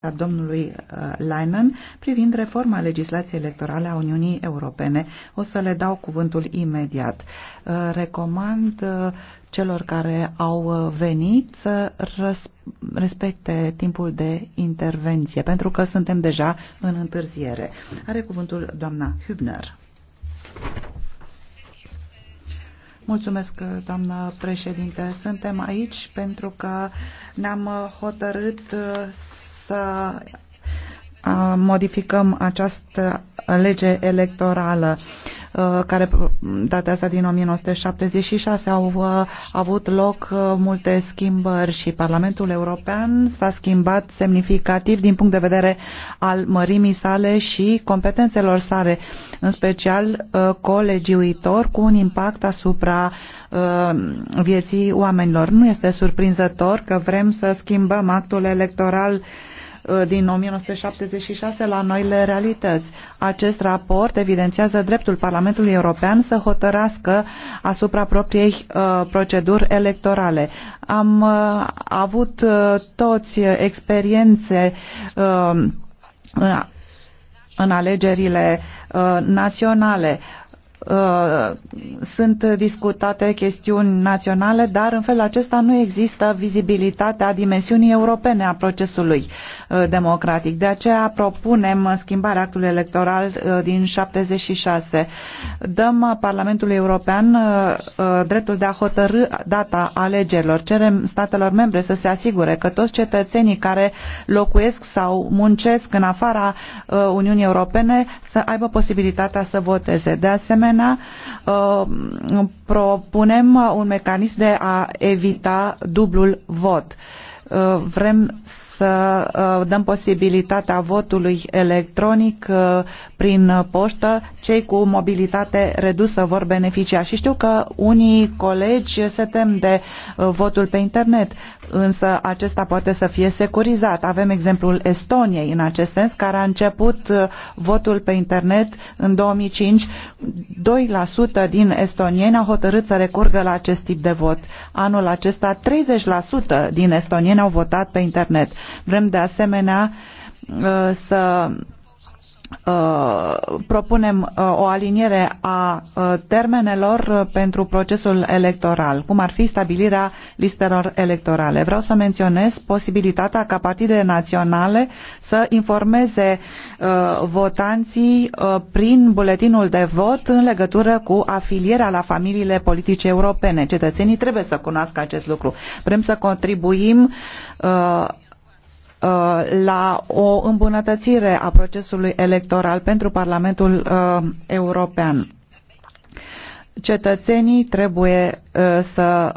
a domnului uh, Leinen privind reforma legislației electorale a Uniunii Europene. O să le dau cuvântul imediat. Uh, recomand uh, celor care au venit să respecte timpul de intervenție, pentru că suntem deja în întârziere. Are cuvântul doamna Hübner. Mulțumesc, doamnă președinte. Suntem aici pentru că ne-am hotărât să modificăm această lege electorală care datează din 1976 au avut loc multe schimbări și Parlamentul European s-a schimbat semnificativ din punct de vedere al mărimii sale și competențelor sale, în special colegiuitor cu un impact asupra vieții oamenilor. Nu este surprinzător că vrem să schimbăm actul electoral Uh, din 1976 la noile realități. Acest raport evidențiază dreptul Parlamentului European să hotărască asupra propriei uh, proceduri electorale. Am uh, avut toți experiențe în alegerile naționale. Uh, sunt discutate chestiuni naționale, dar în felul acesta nu există vizibilitatea dimensiunii europene a procesului uh, democratic. De aceea propunem schimbarea actului electoral uh, din 76. Dăm Parlamentului European dreptul de a hotărâ data alegerilor. Cerem statelor membre să se asigure că toți cetățenii care locuiesc sau muncesc în afara Uniunii Europene să aibă posibilitatea să voteze. De asemenea, asemenea, uh, propunem un mecanism de a evita dublul vot. Uh, vrem să uh, dăm posibilitatea votului electronic prin poștă. Cei cu mobilitate redusă vor beneficia. Și știu că unii colegi se tem de votul pe internet însă acesta poate să fie securizat. Avem exemplul Estoniei în acest sens, care a început uh, votul pe internet în 2005. 2% din estonieni au hotărât să recurgă la acest tip de vot. Anul acesta 30% din estonieni au votat pe internet. Vrem de asemenea uh, să Uh, propunem uh, o aliniere a uh, termenelor pentru procesul electoral, cum ar fi stabilirea listelor electorale. Vreau să menționez posibilitatea ca partidele naționale să informeze votanții prin buletinul de vot în legătură cu afilierea la familiile politice europene. Cetățenii trebuie să cunoască acest lucru. Vrem să contribuim Uh, la o îmbunătățire a procesului electoral pentru Parlamentul uh, European. Cetățenii trebuie uh, să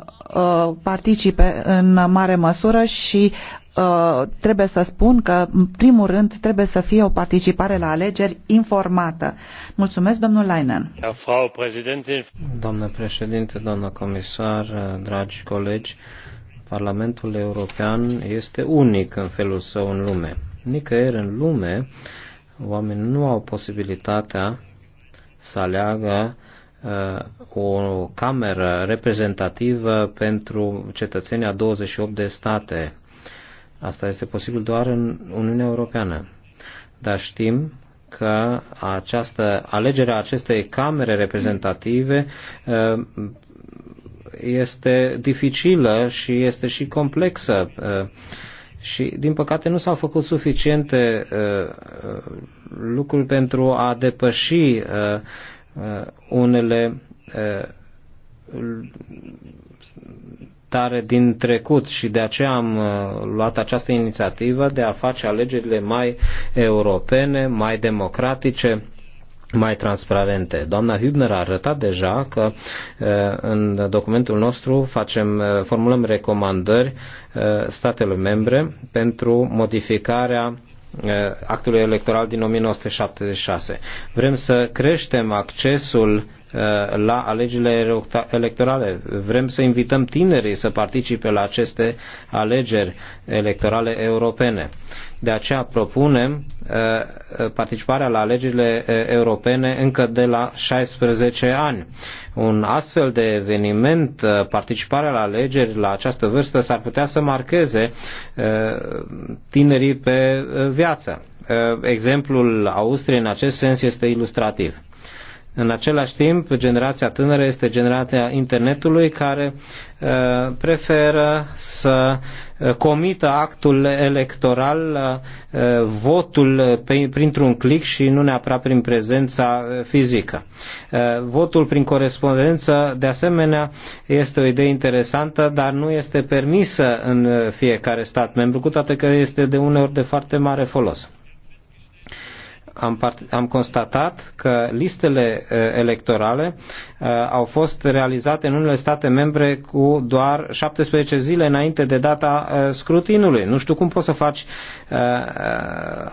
participe în mare măsură și trebuie să spun că, în primul rând, trebuie să fie o participare la alegeri informată. Mulțumesc, domnul Leinen. domnule președinte, doamnă comisar, dragi colegi, Parlamentul European este unic în felul său în lume. Nicăieri în lume oamenii nu au posibilitatea să aleagă uh, o cameră reprezentativă pentru cetățenii a 28 de state. Asta este posibil doar în Uniunea Europeană. Dar știm că această, alegerea acestei camere reprezentative uh, este dificilă și este și complexă uh, și, din păcate, nu s-au făcut suficiente uh, uh, lucruri pentru a depăși unele tare din trecut și de aceea am luat această inițiativă de a face alegerile mai europene, mai democratice mai transparente. Doamna Hübner a arătat deja că eh, în documentul nostru facem, eh, formulăm recomandări eh, statelor membre pentru modificarea actului electoral din 1976. Vrem să creștem accesul Uh, la alegerile electorale. Vrem să invităm tinerii să participe la aceste alegeri electorale europene. De aceea propunem uh, participarea la alegerile uh, europene încă de la 16 ani. Un astfel de eveniment, participarea la alegeri la această vârstă, s-ar putea să marcheze tinerii pe viață. Exemplul Austriei în acest sens este ilustrativ. În același timp, generația tânără este generația internetului care uh, preferă să uh, comită actul electoral, uh, votul printr-un click și nu neapărat prin prezența fizică. Votul prin corespondență, de asemenea, este o idee interesantă, dar nu este permisă în fiecare stat membru, cu toate că este de uneori de foarte mare folos am, part- am constatat că listele uh, electorale uh, au fost realizate în unele state membre cu doar 17 zile înainte de data uh, scrutinului. Nu știu cum poți să faci uh, uh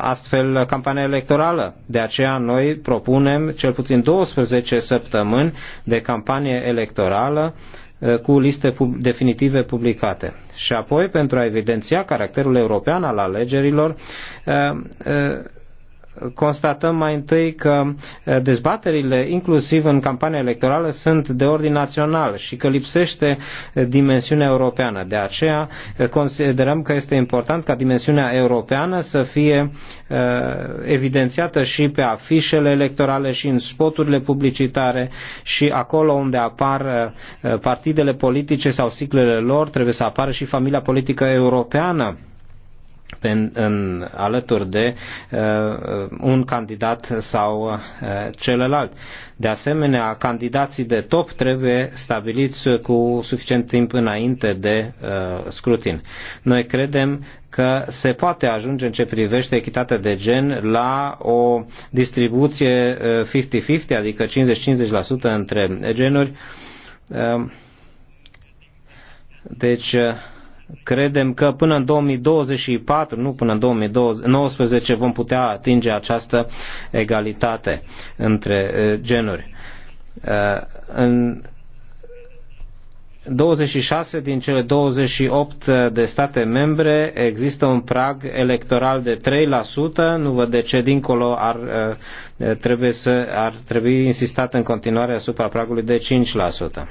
astfel campania electorală. De aceea noi propunem cel puțin 12 săptămâni de campanie electorală uh, cu liste pub- definitive publicate. Și apoi, pentru a evidenția caracterul european al alegerilor, uh, uh, constatăm mai întâi că eh, dezbaterile, inclusiv în campania electorală, sunt de ordin național și că lipsește eh, dimensiunea europeană. De aceea eh, considerăm că este important ca dimensiunea europeană să fie evidențiată și pe afișele electorale și în spoturile publicitare și acolo unde apar partidele politice sau siclele lor trebuie să apară și familia politică europeană în, în, alături de uh, uh, un candidat sau uh, celălalt. De asemenea, candidații de top trebuie stabiliți cu suficient timp înainte de uh, scrutin. Noi credem că se poate ajunge în ce privește echitatea de gen la o distribuție 50-50, uh, adică 50-50% între genuri. Uh, deci, Credem că până în 2024, nu până în 2019, vom putea atinge această egalitate între uh, genuri. Uh, în 26 din cele 28 uh, de state membre există un prag electoral de 3%, nu văd de ce dincolo ar, trebuie să, ar trebui insistat în continuare asupra pragului de 5%.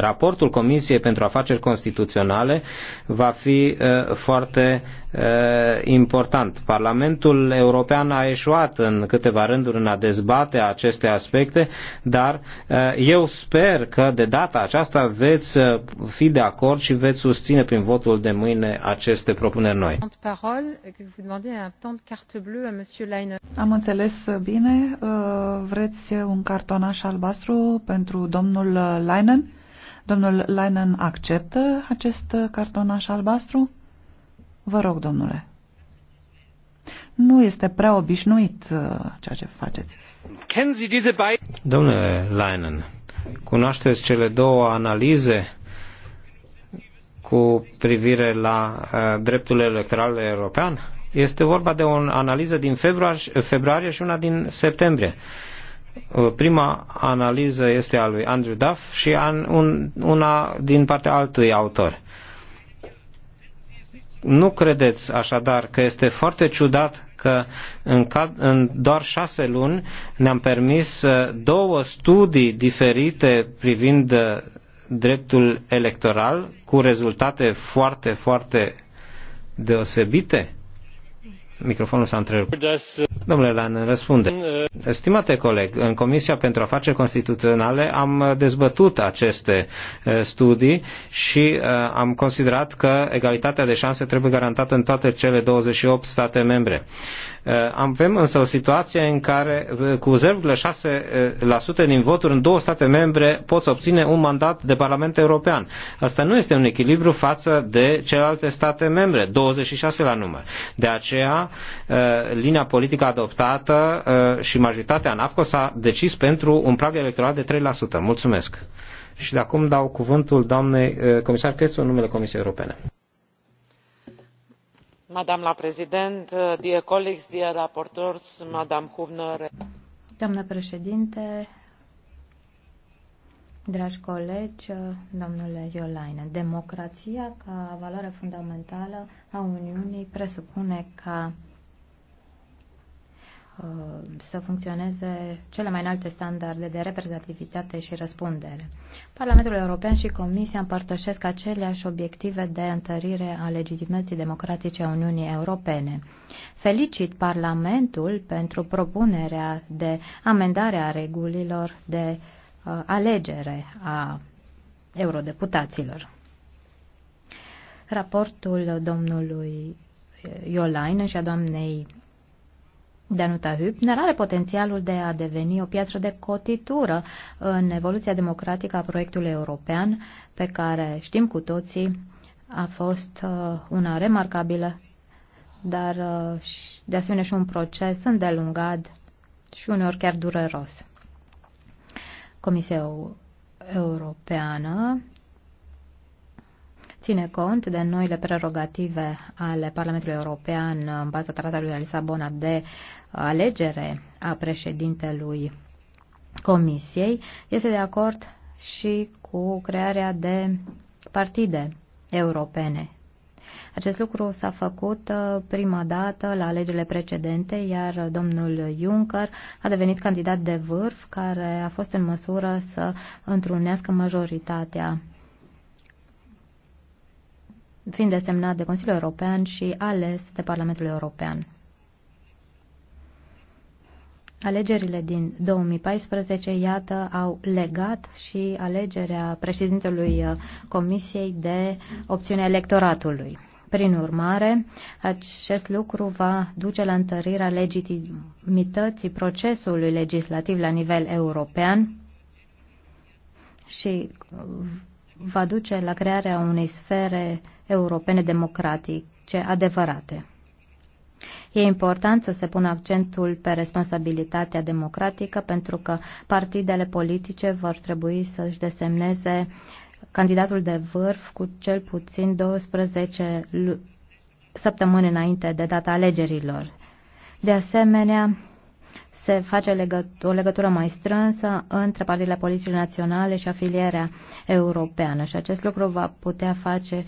Raportul Comisiei pentru Afaceri Constituționale va fi uh, foarte uh, important. Parlamentul European a eșuat în câteva rânduri în a dezbate aceste aspecte, dar uh, eu sper că de data aceasta veți uh, fi de acord și veți susține prin votul de mâine aceste propuneri noi. Am înțeles bine. Uh, vreți un cartonaș albastru pentru domnul Leinen? Domnul Leinen acceptă acest cartonaș albastru? Vă rog, domnule. Nu este prea obișnuit uh, ceea ce faceți. Domnule Leinen, cunoașteți cele două analize cu privire la uh, dreptul electoral european? Este vorba de o analiză din februar, februarie și una din septembrie. Uh, Uh, prima analiză este a lui Andrew Duff și an, un, una din partea altui autor. Nu credeți așadar că este foarte ciudat că în, cad, în doar șase luni ne-am permis uh, două studii diferite privind uh, dreptul electoral cu rezultate foarte, foarte deosebite? Microfonul s-a întrerupt. Domnule Lan, răspunde. Stimate coleg, în Comisia pentru Afaceri Constituționale am dezbătut aceste studii și am considerat că egalitatea de șanse trebuie garantată în toate cele 28 state membre. Eh, avem însă o situație în care eh, cu 0,6% eh, din voturi în două state membre poți obține un mandat de Parlament European. Asta nu este un echilibru față de celelalte state membre, 26 la număr. De aceea, linia politică adoptată și majoritatea în AFCO s-a decis pentru un prag electoral de 3%. Mulțumesc! Și de acum dau cuvântul doamnei comisar Crețu în numele Comisiei Europene doamnă președintă uh, doamnă președinte dragi colegi uh, domnule iolainen democrația ca valoare fundamentală a uniunii presupune ca Uh, să funcționeze cele mai înalte standarde de reprezentativitate și răspundere. Parlamentul European și Comisia împărtășesc aceleași obiective de întărire a legitimității democratice a Uniunii Europene. Felicit Parlamentul pentru propunerea de amendare a regulilor de uh, alegere a eurodeputaților. Raportul domnului Iolain și a doamnei Danuta Hübner are potențialul de a deveni o piatră de cotitură în evoluția democratică a proiectului european, pe care știm cu toții a fost uh, una remarcabilă, dar uh, de asemenea și un proces îndelungat și uneori chiar dureros. Comisia Europeană ține cont de noile prerogative ale Parlamentului European în baza Tratatului de Lisabona de alegere a președintelui Comisiei, este de acord și cu crearea de partide europene. Acest lucru s-a făcut uh, prima dată la alegerile precedente, iar domnul Juncker a devenit candidat de vârf care a fost în măsură să întrunească majoritatea fiind desemnat de Consiliul European și ales de Parlamentul European. Alegerile din 2014, iată, au legat și alegerea președintelui uh, Comisiei de opțiunea electoratului. Prin urmare, acest lucru va duce la întărirea legitimității procesului legislativ la nivel european și va duce la crearea unei sfere europene democratice adevărate. E important să se pună accentul pe responsabilitatea democratică pentru că partidele politice vor trebui să-și desemneze candidatul de vârf cu cel puțin 12 săptămâni înainte de data alegerilor. De asemenea, se face legăt- o legătură mai strânsă între partidele politice naționale și afilierea europeană și acest lucru va putea face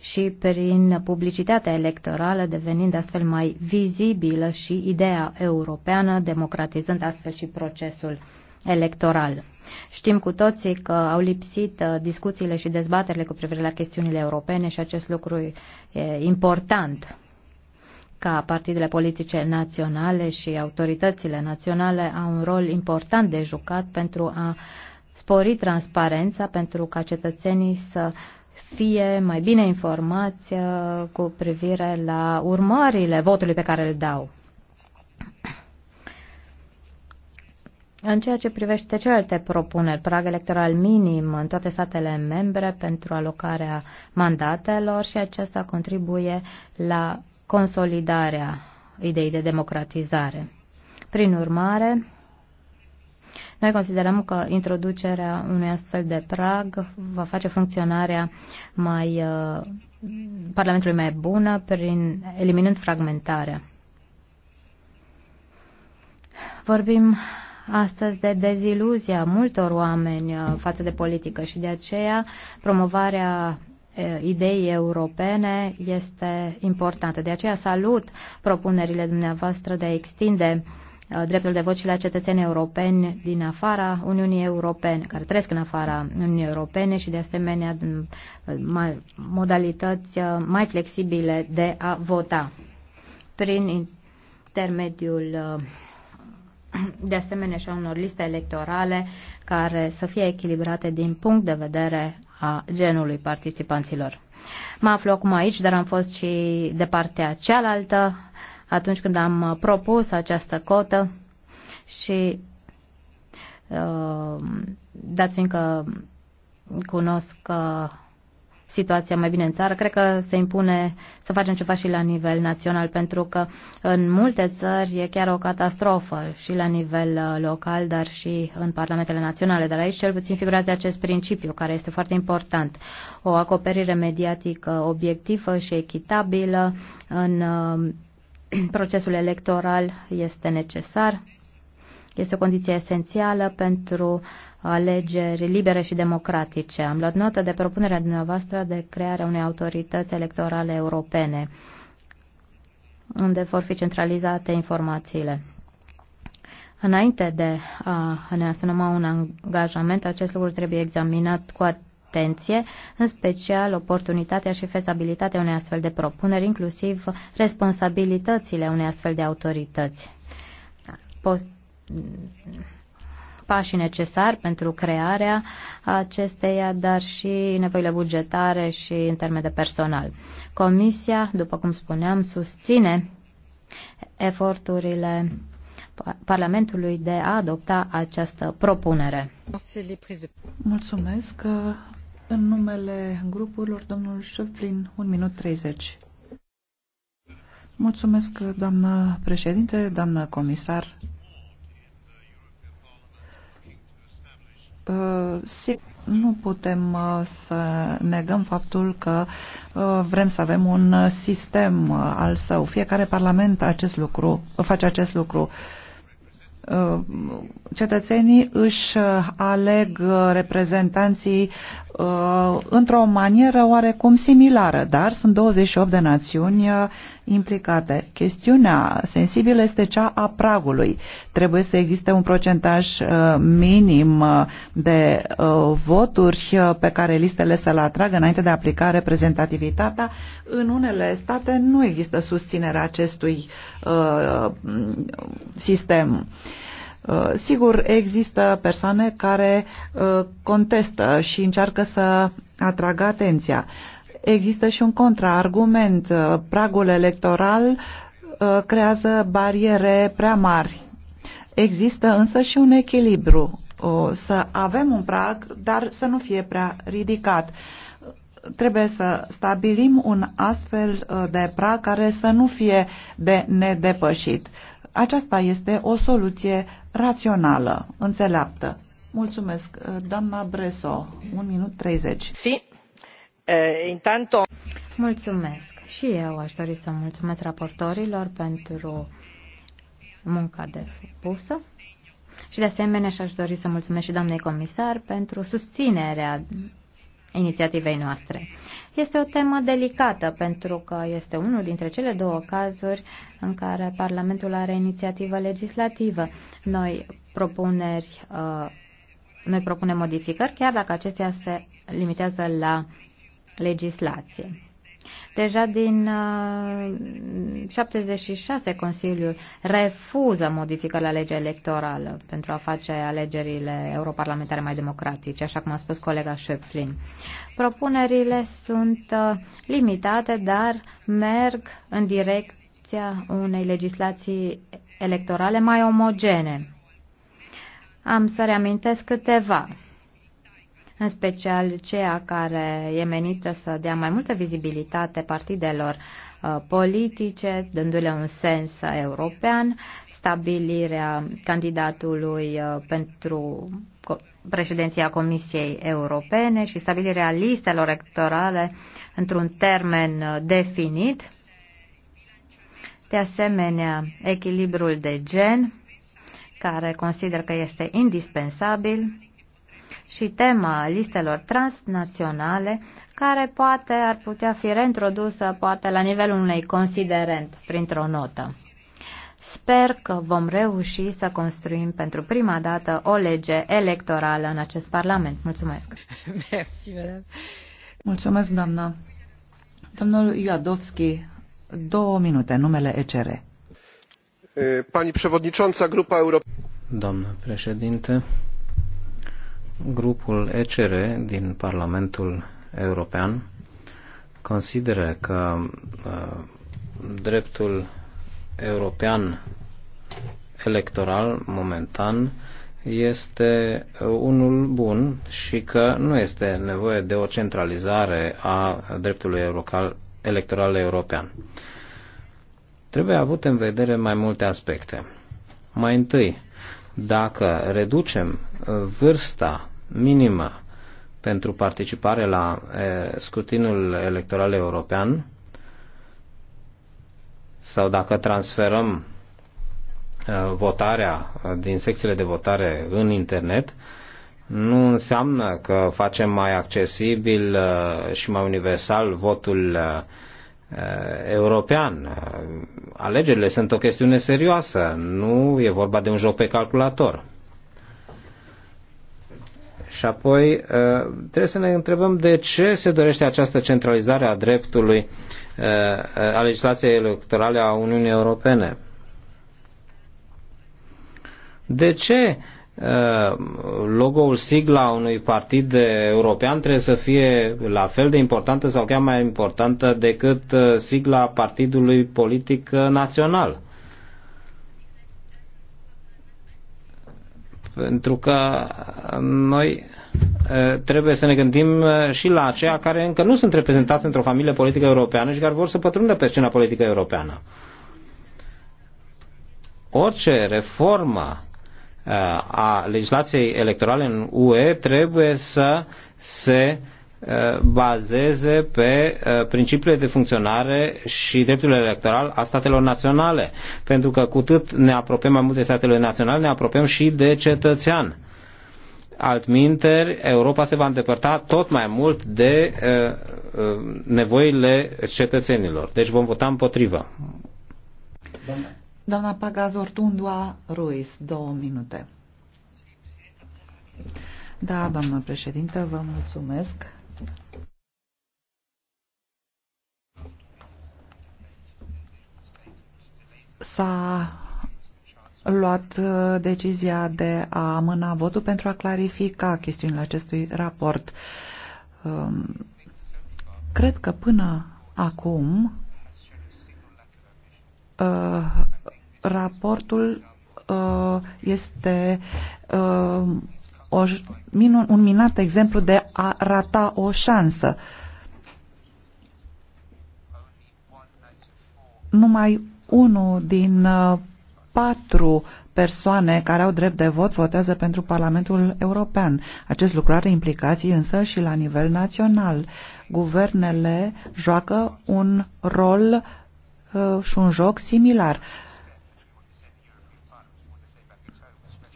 și prin publicitatea electorală, devenind astfel mai vizibilă și ideea europeană, democratizând astfel și procesul electoral. Știm cu toții că au lipsit uh, discuțiile și dezbaterile cu privire la chestiunile europene și acest lucru e important ca partidele politice naționale și autoritățile naționale au un rol important de jucat pentru a spori transparența, pentru ca cetățenii să fie mai bine informați uh, cu privire la urmările votului pe care îl dau. În ceea ce privește celelalte propuneri, prag electoral minim în toate statele membre pentru alocarea mandatelor și acesta contribuie la consolidarea ideii de democratizare. Prin urmare, noi considerăm că introducerea unui astfel de prag va face funcționarea mai, uh, Parlamentului mai bună prin eliminând fragmentarea. Vorbim astăzi de deziluzia multor oameni uh, față de politică și de aceea promovarea uh, ideii europene este importantă. De aceea salut propunerile dumneavoastră de a extinde uh, dreptul de vot și la cetățenii europeni din afara Uniunii Europene, care trăiesc în afara Uniunii Europene și de asemenea modalități mai flexibile de a vota prin intermediul de asemenea și a unor liste electorale care să fie echilibrate din punct de vedere a genului participanților. Mă aflu acum aici, dar am fost și de partea cealaltă atunci când am propus această cotă și uh, dat fiindcă cunosc uh, situația mai bine în țară. Cred că se impune să facem ceva și la nivel național, pentru că în multe țări e chiar o catastrofă și la nivel uh, local, dar și în parlamentele naționale. Dar aici cel puțin figurează acest principiu, care este foarte important. O acoperire mediatică obiectivă și echitabilă în uh, procesul electoral este necesar. Este o condiție esențială pentru alegeri libere și democratice. Am luat notă de propunerea dumneavoastră de crearea unei autorități electorale europene, unde vor fi centralizate informațiile. Înainte de a ne asuma un angajament, acest lucru trebuie examinat cu atenție, în special oportunitatea și fezabilitatea unei astfel de propuneri, inclusiv responsabilitățile unei astfel de autorități. Post pașii necesari pentru crearea acesteia, dar și nevoile bugetare și în termen de personal. Comisia, după cum spuneam, susține eforturile Parlamentului de a adopta această propunere. Mulțumesc. În numele grupurilor, domnul Șeflin, un minut 30. Mulțumesc, doamnă președinte, doamnă comisar, nu putem uh, să negăm faptul că uh, vrem să avem un sistem uh, al său. Fiecare parlament acest lucru, face acest lucru. Cetățenii își aleg reprezentanții uh, într-o manieră oarecum similară, dar sunt 28 de națiuni uh, implicate. Chestiunea sensibilă este cea a pragului. Trebuie să existe un procentaj uh, minim uh, de uh, voturi uh, pe care listele să-l atragă înainte de a aplica reprezentativitatea. În unele state nu există susținerea acestui uh, sistem. Uh, Uh, sigur, există persoane care uh, contestă și încearcă să atragă atenția. Există și un contraargument. Uh, pragul electoral creează bariere prea mari. Există însă și un echilibru. Să avem un prag, dar să nu fie prea ridicat trebuie să stabilim un astfel de prag care să nu fie de nedepășit. Aceasta este o soluție rațională, înțeleaptă. Mulțumesc. Doamna Breso, un minut 30. Si. Intanto... Mulțumesc. Și eu aș dori să mulțumesc raportorilor pentru munca depusă. Și de asemenea și-aș dori să mulțumesc și doamnei comisar pentru susținerea inițiativei noastre. Este o temă delicată pentru că este unul dintre cele două cazuri în care Parlamentul are inițiativă legislativă. Noi propuneri, uh, noi propunem modificări, chiar dacă acestea se limitează la legislație. Deja din uh, 76 Consiliul refuză modificarea legea electorală pentru a face alegerile europarlamentare mai democratice, așa cum a spus colega Schöpflin. Propunerile sunt uh, limitate, dar merg în direcția unei legislații electorale mai omogene. Am să reamintesc câteva în special ceea care e menită să dea mai multă vizibilitate partidelor uh, politice, dându-le un sens european, stabilirea candidatului uh, pentru președinția Comisiei Europene și stabilirea listelor electorale într-un termen uh, definit. De asemenea, echilibrul de gen, care consider că este indispensabil, și tema listelor transnaționale care poate ar putea fi reintrodusă poate la nivelul unei considerent printr-o notă. Sper că vom reuși să construim pentru prima dată o lege electorală în acest Parlament. Mulțumesc! Merci, Mulțumesc, doamna! Domnul Iadovski, două minute, numele ECR. Pani przewodnicząca, Grupa Europeană. Doamnă președinte, Grupul ECR din Parlamentul European consideră că uh, dreptul european electoral momentan este uh, unul bun și că nu este nevoie de o centralizare a dreptului electoral european. Trebuie avut în vedere mai multe aspecte. Mai întâi, dacă reducem uh, vârsta minimă pentru participare la uh, scrutinul electoral european sau dacă transferăm uh, votarea din secțiile de votare în internet, nu înseamnă că facem mai accesibil și mai universal votul Uh, european. Uh, alegerile sunt o chestiune serioasă, nu e vorba de un joc pe calculator. Și apoi uh, trebuie să ne întrebăm de ce se dorește această centralizare a dreptului a legislației electorale a Uniunii Europene. De ce Uh, logo-ul, sigla unui partid european trebuie să fie la fel de importantă sau chiar mai importantă decât uh, sigla partidului politic uh, național. Pentru că noi trebuie să ne gândim și la aceia care încă nu sunt reprezentați într-o familie politică europeană și care vor să pătrundă pe scena politică europeană. Orice reformă a legislației electorale în UE trebuie să se uh, bazeze pe uh, principiile de funcționare și dreptul electoral a statelor naționale. Pentru că cu cât ne apropiem mai mult de statele naționale, ne apropiem și de cetățean. Altminteri, Europa se va îndepărta tot mai mult de uh, nevoile cetățenilor. Deci vom vota împotrivă. Doamna Pagazortundua Ruiz, două minute. Da, doamnă președintă, vă mulțumesc. S-a luat uh, decizia de a amâna votul pentru a clarifica chestiunile acestui raport. Um, cred că până acum uh, Raportul uh, este uh, un minunat exemplu de a rata o șansă. Numai unul din uh, patru persoane care au drept de vot votează pentru Parlamentul European. Acest lucru are implicații însă și la nivel național. Guvernele joacă un rol uh, și un joc similar. Uh,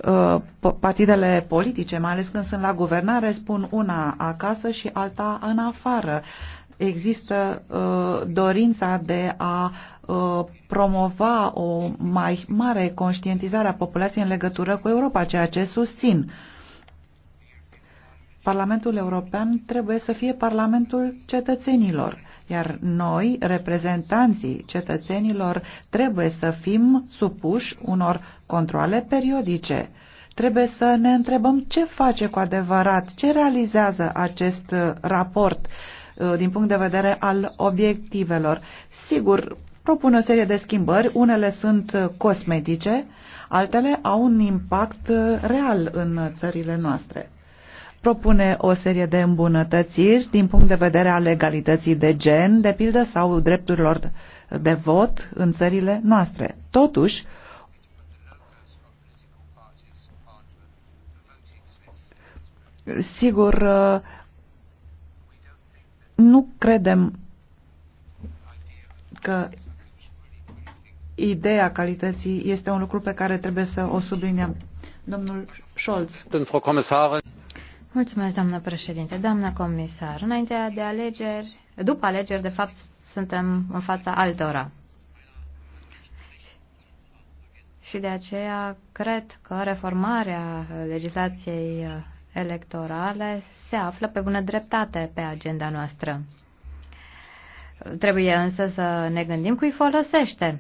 Uh, partidele politice, mai ales când sunt la guvernare, spun una acasă și alta în afară. Există uh, dorința de a uh, promova o mai mare conștientizare a populației în legătură cu Europa, ceea ce susțin. Parlamentul European trebuie să fie Parlamentul cetățenilor iar noi, reprezentanții cetățenilor, trebuie să fim supuși unor controle periodice. Trebuie să ne întrebăm ce face cu adevărat, ce realizează acest uh, raport uh, din punct de vedere al obiectivelor. Sigur, propun o serie de schimbări, unele sunt uh, cosmetice, altele au un impact real în țările noastre propune o serie de îmbunătățiri din punct de vedere al legalității de gen, de pildă, sau drepturilor de vot în țările noastre. Totuși, sigur, nu credem că ideea calității este un lucru pe care trebuie să o subliniem. Domnul Scholz. Mulțumesc, doamnă președinte. Doamnă comisar, înainte de alegeri, după alegeri, de fapt, suntem în fața altora. Și de aceea cred că reformarea legislației electorale se află pe bună dreptate pe agenda noastră. Trebuie însă să ne gândim cui folosește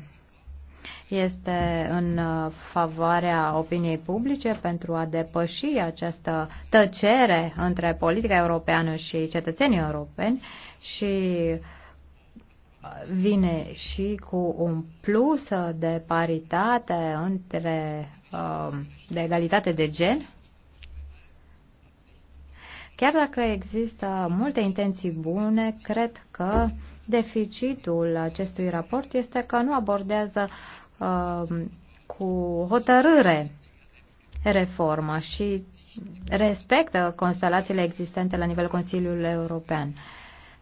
este în uh, favoarea opiniei publice pentru a depăși această tăcere între politica europeană și cetățenii europeni și uh, vine și cu un plus de paritate între uh, de egalitate de gen Chiar dacă există multe intenții bune, cred că deficitul acestui raport este că nu abordează Um, cu hotărâre reformă și respectă constelațiile existente la nivelul Consiliului European.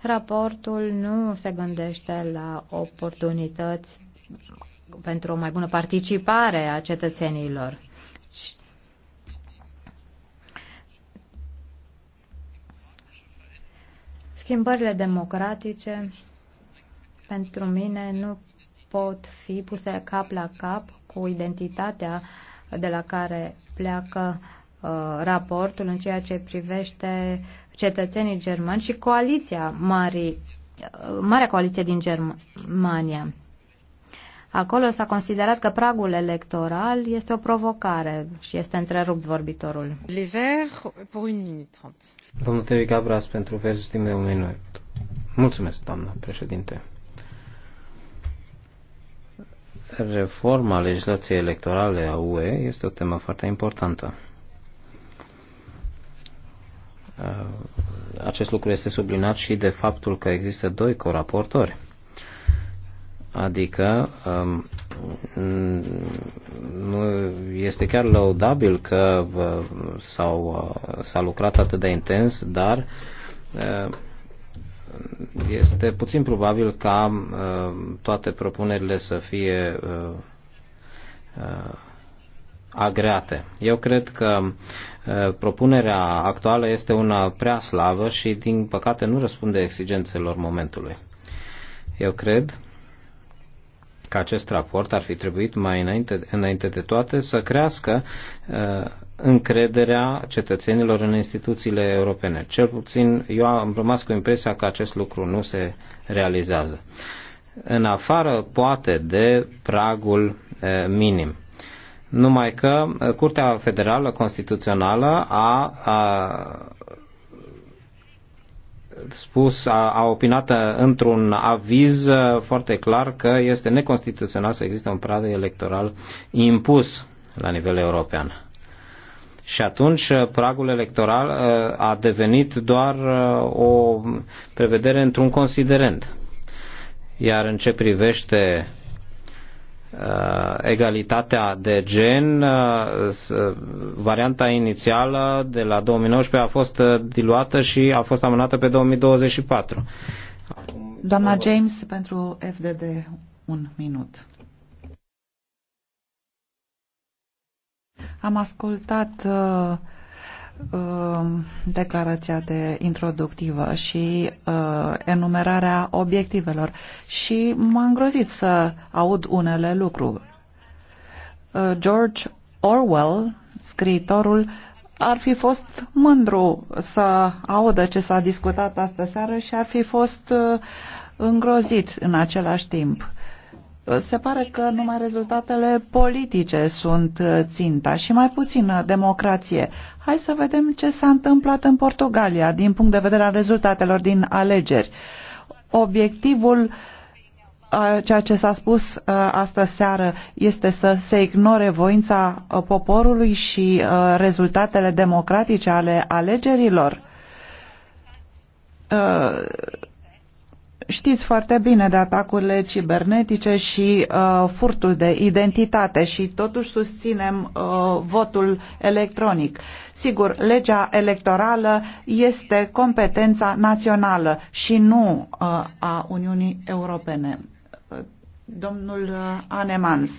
Raportul nu se gândește la oportunități pentru o mai bună participare a cetățenilor. Schimbările democratice pentru mine nu pot fi puse cap la cap cu identitatea de la care pleacă uh, raportul în ceea ce privește cetățenii germani și coaliția uh, Marea Coaliție din Germania. Acolo s-a considerat că pragul electoral este o provocare și este întrerupt vorbitorul. Les pour une minute 30. Domnul Tevi Gavras pentru versul timp de un minut. Mulțumesc, doamnă președinte. Reforma legislației electorale a UE este o temă foarte importantă. Uh, acest lucru este sublinat și de faptul că există doi coraportori Adică um, nu este chiar laudabil că uh, uh, s-a lucrat atât de intens, dar este puțin probabil ca uh, toate propunerile să fie uh, uh, agreate. Eu cred că propunerea actuală este una prea slavă și, din păcate, nu răspunde exigențelor momentului. Eu cred că acest raport ar fi trebuit mai înainte, înainte de toate să crească uh, încrederea cetățenilor în instituțiile europene. Cel puțin eu am rămas cu impresia că acest lucru nu se realizează. În afară, poate, de pragul eh, minim. Numai că eh, Curtea Federală Constituțională a, a spus, a, a opinat într-un aviz eh, foarte clar că este neconstituțional să existe un prag electoral impus la nivel european. Și atunci uh, pragul electoral uh, a devenit doar uh, o prevedere într-un considerent. Iar în ce privește egalitatea de gen, varianta inițială de la 2019 a fost diluată și a fost amânată pe 2024. Doamna James, pentru FDD, un minut. Am ascultat uh, uh, declarația de introductivă și uh, enumerarea obiectivelor și m-a îngrozit să aud unele lucruri. Uh, George Orwell, scriitorul, ar fi fost mândru să audă ce s-a discutat astă seară și ar fi fost uh, îngrozit în același timp. Se pare că numai rezultatele politice sunt uh, ținta și mai puțină uh, democrație. Hai să vedem ce s-a întâmplat în Portugalia din punct de vedere al rezultatelor din alegeri. Obiectivul ceea ce s-a spus uh, astă seară este să se ignore voința poporului și rezultatele democratice ale alegerilor Știți foarte bine de atacurile cibernetice și uh, furtul de identitate și totuși susținem uh, votul electronic. Sigur, legea electorală este competența națională și nu uh, a Uniunii Europene. Domnul uh, Anemans.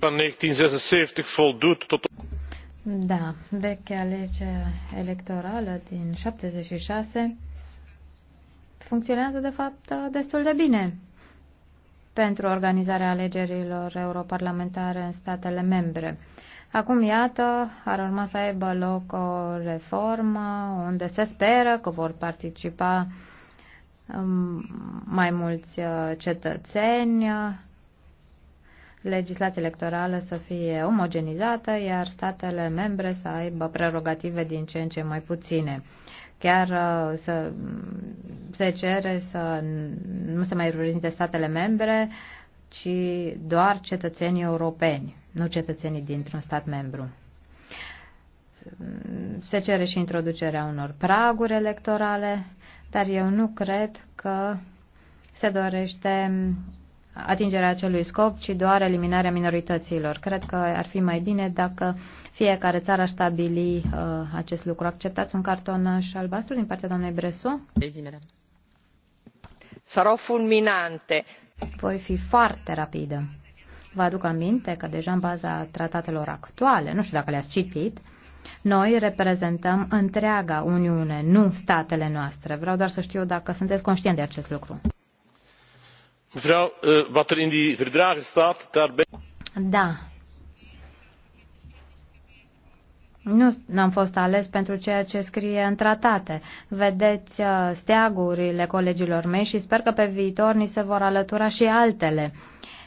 1976 da, vechea lege electorală din 76 funcționează de fapt destul de bine pentru organizarea alegerilor europarlamentare în statele membre. Acum, iată, ar urma să aibă loc o reformă unde se speră că vor participa um, mai mulți uh, cetățeni, legislația electorală să fie omogenizată, iar statele membre să aibă prerogative din ce în ce mai puține chiar uh, să se cere să nu se mai reprezinte statele membre, ci doar cetățenii europeni, nu cetățenii dintr-un stat membru. Se cere și introducerea unor praguri electorale, dar eu nu cred că se dorește atingerea acelui scop, ci doar eliminarea minorităților. Cred că ar fi mai bine dacă fiecare țară a stabili uh, acest lucru. Acceptați un carton și albastru din partea doamnei Bresu? Sarau fulminante. Voi fi foarte rapidă. Vă aduc aminte că deja în baza tratatelor actuale, nu știu dacă le-ați citit, noi reprezentăm întreaga Uniune, nu statele noastre. Vreau doar să știu dacă sunteți conștient de acest lucru. Vreau, uh, er in die stat, staat, Da, Nu am fost ales pentru ceea ce scrie în tratate. Vedeți uh, steagurile colegilor mei și sper că pe viitor ni se vor alătura și altele.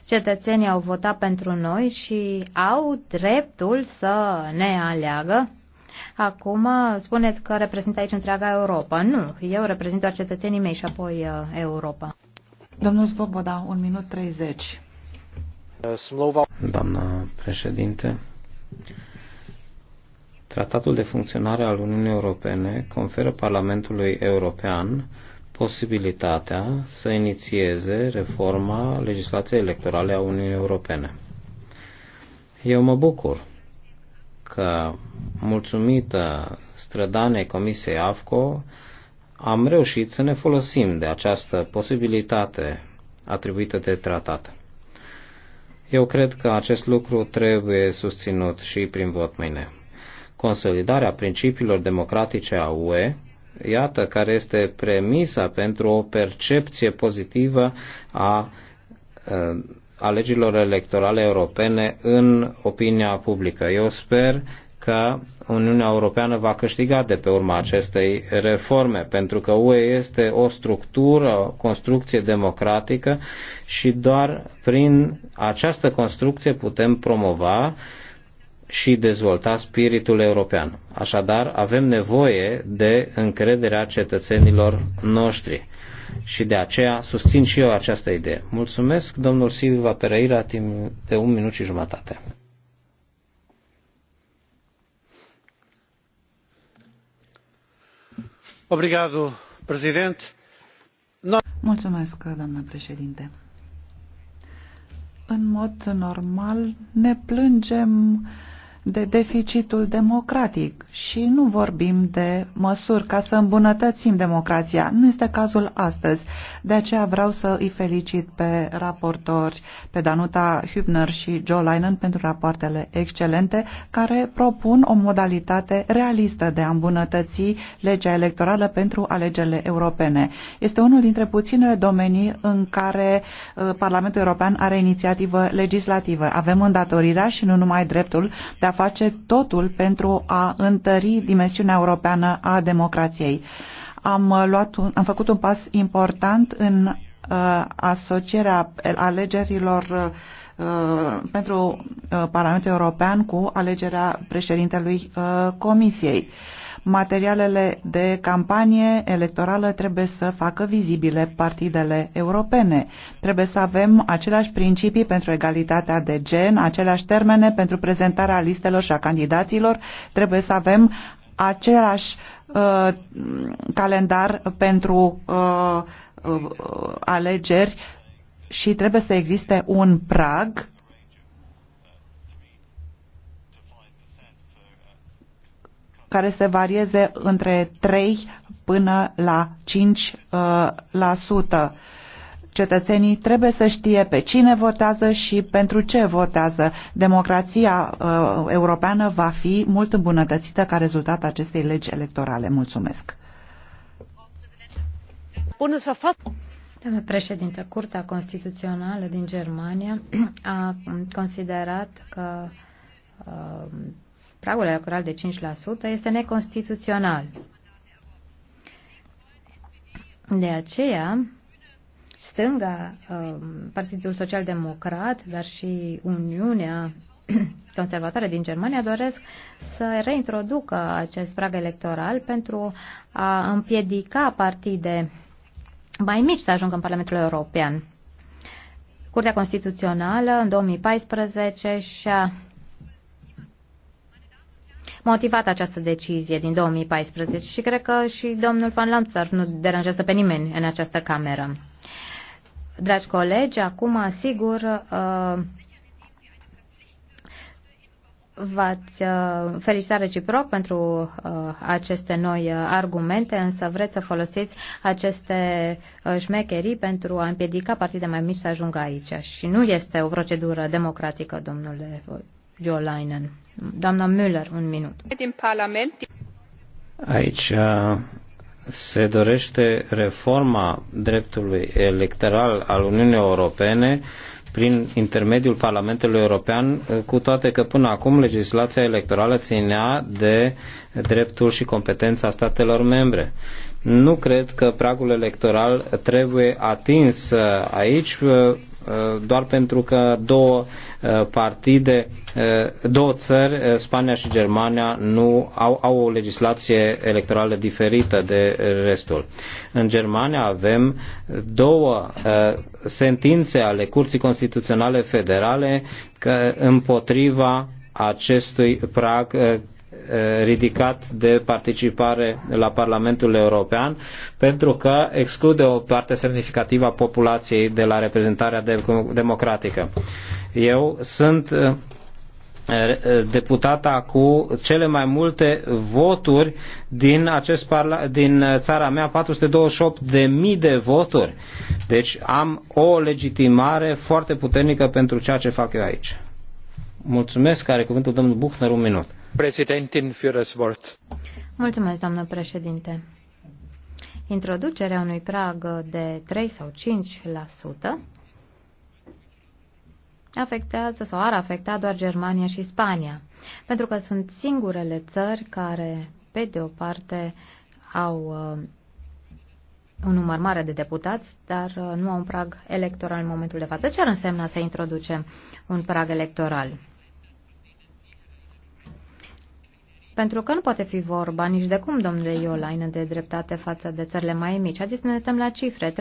Cetățenii au votat pentru noi și au dreptul să ne aleagă. Acum uh, spuneți că reprezintă aici întreaga Europa. Nu, eu reprezint doar cetățenii mei și apoi uh, Europa. Domnul Svoboda, un minut 30. Doamna președinte, Tratatul de funcționare al Uniunii Europene conferă Parlamentului European posibilitatea să inițieze reforma legislației electorale a Uniunii Europene. Eu mă bucur că, mulțumită strădanei Comisiei AFCO, am reușit să ne folosim de această posibilitate atribuită de tratat. Eu cred că acest lucru trebuie susținut și prin vot mâine consolidarea principiilor democratice a UE, iată care este premisa pentru o percepție pozitivă a alegerilor electorale europene în opinia publică. Eu sper că Uniunea Europeană va câștiga de pe urma acestei reforme, pentru că UE este o structură, o construcție democratică și doar prin această construcție putem promova și dezvolta spiritul european. Așadar, avem nevoie de încrederea cetățenilor noștri și de aceea susțin și eu această idee. Mulțumesc, domnul Silva Pereira, timp de un minut și jumătate. Obrigado, președinte. No... Mulțumesc, doamnă președinte. În mod normal ne plângem uh, de deficitul democratic și nu vorbim de măsuri ca să îmbunătățim democrația. Nu este cazul astăzi. De aceea vreau să îi felicit pe raportori, pe Danuta Hübner și Joe Linen pentru rapoartele excelente care propun o modalitate realistă de a îmbunătăți legea electorală pentru alegerile europene. Este unul dintre puținele domenii în care uh, Parlamentul European are inițiativă legislativă. Avem îndatorirea și nu numai dreptul de a a face totul pentru a întări dimensiunea europeană a democrației. Am, luat un, am făcut un pas important în uh, asocierea alegerilor uh, pentru uh, Parlamentul European cu alegerea președintelui uh, Comisiei materialele de campanie electorală trebuie să facă vizibile partidele europene. Trebuie să avem aceleași principii pentru egalitatea de gen, aceleași termene pentru prezentarea listelor și a candidaților, trebuie să avem același uh, calendar pentru uh, uh, alegeri și trebuie să existe un prag care se varieze între 3 până la 5%. Uh, la sută. Cetățenii trebuie să știe pe cine votează și pentru ce votează. Democrația uh, europeană va fi mult îmbunătățită ca rezultat acestei legi electorale. Mulțumesc. Doamne președinte, Curtea Constituțională din Germania a considerat că uh, pragul electoral de 5% este neconstituțional. De aceea, stânga, um, Partidul Social Democrat, dar și Uniunea Conservatoare din Germania doresc să reintroducă acest prag electoral pentru a împiedica partide mai mici să ajungă în Parlamentul European. Curtea Constituțională în 2014 și-a motivat această decizie din 2014 și cred că și domnul Van Lamsar nu deranjează pe nimeni în această cameră. Dragi colegi, acum, asigur, uh, v-ați uh, felicitat reciproc pentru uh, aceste noi argumente, însă vreți să folosiți aceste șmecherii pentru a împiedica partide mai mici să ajungă aici. Și nu este o procedură democratică, domnule Jolainen. Doamna Müller, un minut. Aici uh, se dorește reforma dreptului electoral al Uniunii Europene prin intermediul Parlamentului European, uh, cu toate că până acum legislația electorală ținea de dreptul și competența statelor membre. Nu cred că pragul electoral trebuie atins uh, aici Uh, doar pentru că două uh, partide, uh, două țări, Spania și Germania, nu au, au o legislație electorală diferită de restul. În Germania avem două sentințe ale Curții Constituționale Federale că împotriva acestui prag Eh, ridicat de participare la Parlamentul European, pentru că exclude o parte semnificativă a populației de la reprezentarea democratică. Eu sunt eh, eh, deputata cu cele mai multe voturi din, acest parla- din țara mea, 428.000 de voturi. Deci am o legitimare foarte puternică pentru ceea ce fac eu aici. Mulțumesc, are cuvântul domnul Buchner, un minut. Mulțumesc, doamnă președinte. Introducerea unui prag de 3 sau 5% afectează sau ar afecta doar Germania și Spania, pentru că sunt singurele țări care, pe de o parte, au uh, un număr mare de deputați, dar uh, nu au un prag electoral în momentul de față. Ce ar însemna să introducem un prag electoral? Pentru că nu poate fi vorba nici de cum, domnule Iolain, de dreptate față de țările mai mici. Haideți să ne uităm la cifre. 3%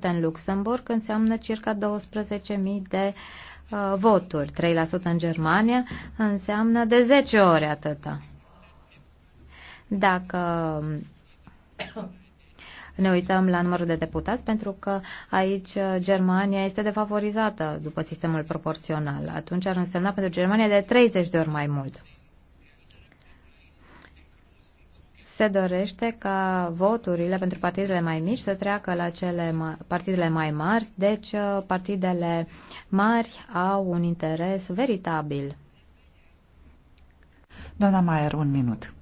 în Luxemburg înseamnă circa 12.000 de uh, voturi. 3% în Germania înseamnă de 10 ori atâta. Dacă ne uităm la numărul de deputați, pentru că aici uh, Germania este defavorizată după sistemul proporțional. Atunci ar însemna pentru Germania de 30 de ori mai mult. se dorește ca voturile pentru partidele mai mici să treacă la cele ma- partidele mai mari, deci uh, partidele mari au un interes veritabil. Doamna Maier, un minut.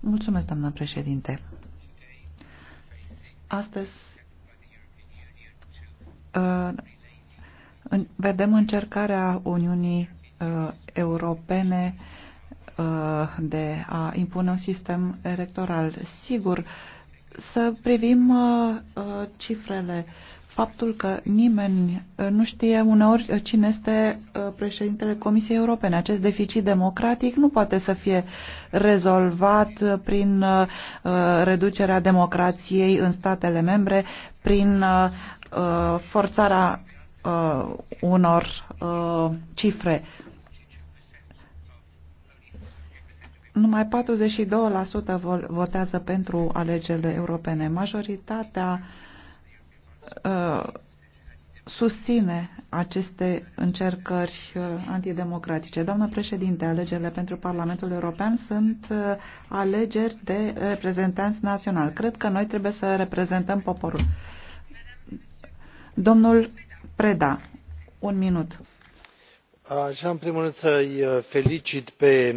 Mulțumesc, doamna președinte. Astăzi uh, vedem încercarea Uniunii uh, Europene Uh, de a impune un sistem electoral. Sigur, să privim uh, uh, cifrele. Faptul că nimeni nu știe uneori cine este președintele Comisiei Europene. Acest deficit democratic nu poate să fie rezolvat prin reducerea democrației în statele membre, prin forțarea unor cifre Numai 42% votează pentru alegerile europene. Majoritatea uh, susține aceste încercări uh, antidemocratice. Doamnă președinte, alegerile pentru Parlamentul European sunt uh, alegeri de reprezentanți naționali. Cred că noi trebuie să reprezentăm poporul. Domnul Preda, un minut. Așa, în primul rând, să-i uh, felicit pe